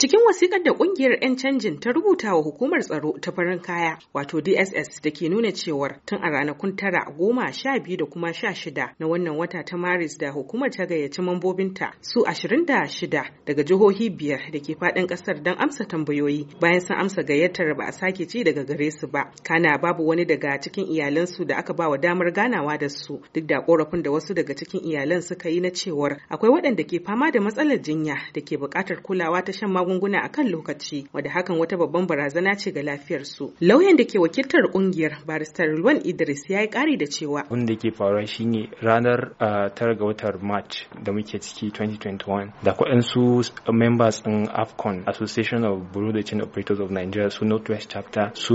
Cikin wasikar da kungiyar 'yan canjin ta rubuta wa hukumar tsaro ta farin kaya wato DSS da ke nuna cewar tun a ranakun tara goma sha biyu da kuma sha shida na wannan wata ta Maris da hukumar ta gayyaci mambobinta su ashirin da shida daga jihohi biyar da ke faɗin ƙasar don amsa tambayoyi bayan sun amsa gayyatar ba a sake ci daga gare su ba. Kana babu wani daga cikin iyalansu da aka bawa damar ganawa da su duk da korafin da wasu daga cikin iyalan suka yi na cewar akwai waɗanda ke fama da matsalar jinya da ke buƙatar kulawa ta shan magunguna akan lokaci wanda hakan wata babban barazana ce ga lafiyarsu. Lauyan da ke wakiltar kungiyar barista Rilwan Idris ya yi kari da cewa. Abin da ke faruwa shine ranar ah, tara ga watan March da muke ciki 2021 da su members ɗin AFCON Association of Bureau Chain Operators of Nigeria su Northwest Chapter su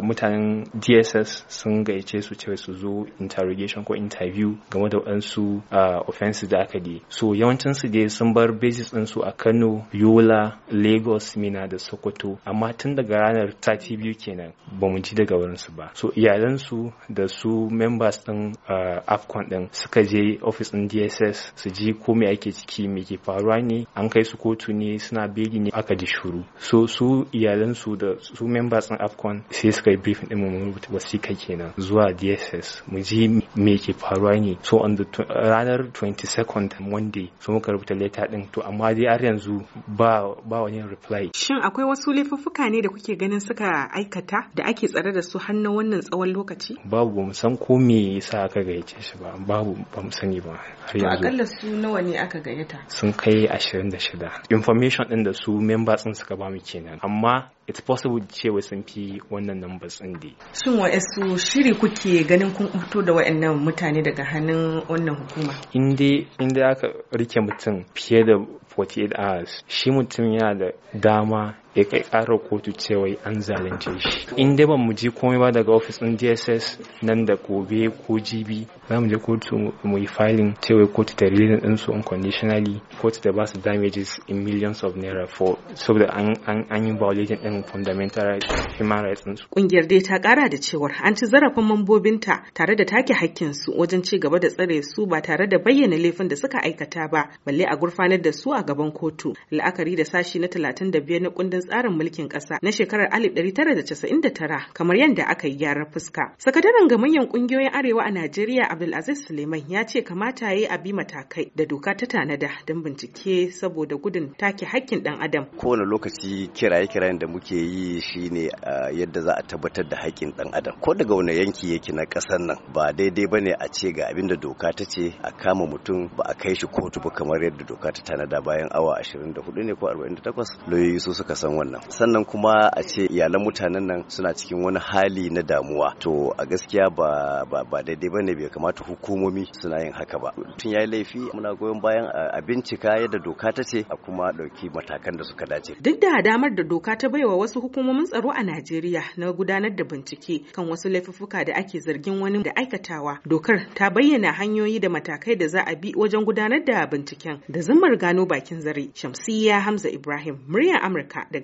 mutanen DSS sun gayyace su cewa su zo interrogation ko interview game da waɗansu ah, offenses da aka yi. So yawancinsu dai sun bar basis su a Kano, Yola, lagos mina da sokoto amma tun daga ranar sati biyu kenan ba mu ji daga wurinsu ba so iyalansu da su members din uh, afcon din suka je office din dss su ji ko me ake ciki me ke faruwa ne an kai su kotu ne suna beli ne aka ji shuru so su iyalansu da su members din afcon sai suka yi briefing din mu wasika kenan zuwa dss mu ji me ke faruwa ne so on the ranar 22nd monday so muka rubuta leta din to amma dai har yanzu ba ba on Shin akwai wasu laifuffuka ne da kuke ganin suka aikata da ake tsare da su hannun wannan tsawon lokaci? Babu bamu san ko me yasa aka gayyace shi ba babu bamu sani ba har yanzu. akalla su nawa ne aka gayyata? Sun kai ashirin da 26. Information din da su members ɗin suka ba mu kenan amma it's possible cewa sun fi wannan numbers din dai. Shin su shiri kuke ganin kun fito da wa'annan mutane daga hannun wannan hukuma? Inde inda aka rike mutum fiye da 48 hours shi mutum yana da dama ya kai karar kotu cewa an zalunce shi in dai ban mu je komai ba daga ofis ɗin dss nan da gobe ko gb za mu je kotu mu yi filing cewa kotu ta rilin din su unconditionally kotu da ba su damages in millions of naira for saboda an an an yi din fundamental human rights din kungiyar dai ta kara da cewar an ci zarafin mambobinta tare da take hakkin su wajen ci gaba da tsare su ba tare da bayyana laifin da suka aikata ba balle a gurfanar da su a gaban kotu la'akari da sashi na 35 na kundin tsarin mulkin ƙasa na shekarar 1999 kamar yadda aka yi gyara fuska. Sakataren gamayyan ƙungiyoyin Arewa a Najeriya Abdulaziz Suleiman ya ce kamata ya yi bi matakai da doka ta tanada don bincike saboda gudun take hakkin ɗan adam. Kowane lokaci kiraye-kirayen da muke yi shine uh, yadda za a tabbatar da hakkin ɗan adam. Ko daga wani yanki yake na ƙasar nan ba daidai ba ne a ce ga abin da doka ta ce a kama mutum ba a kai shi kotu ba kamar yadda doka ta tanada bayan awa 24 ne ko 48 lauyoyi su suka san wannan sannan kuma a ce iyalan mutanen nan suna cikin wani hali na damuwa to a gaskiya ba ba daidai bane bai kamata hukumomi suna yin haka ba tun yayi laifi muna goyon bayan a bincika yadda doka ta ce a kuma dauki matakan da suka dace duk da damar da doka ta baiwa wasu hukumomin tsaro a Najeriya na gudanar da bincike kan wasu laifuffuka da ake zargin wani da aikatawa dokar ta bayyana hanyoyi da matakai da za a bi wajen gudanar da binciken da zumar gano bakin zare shamsiyya hamza ibrahim muryar amurka daga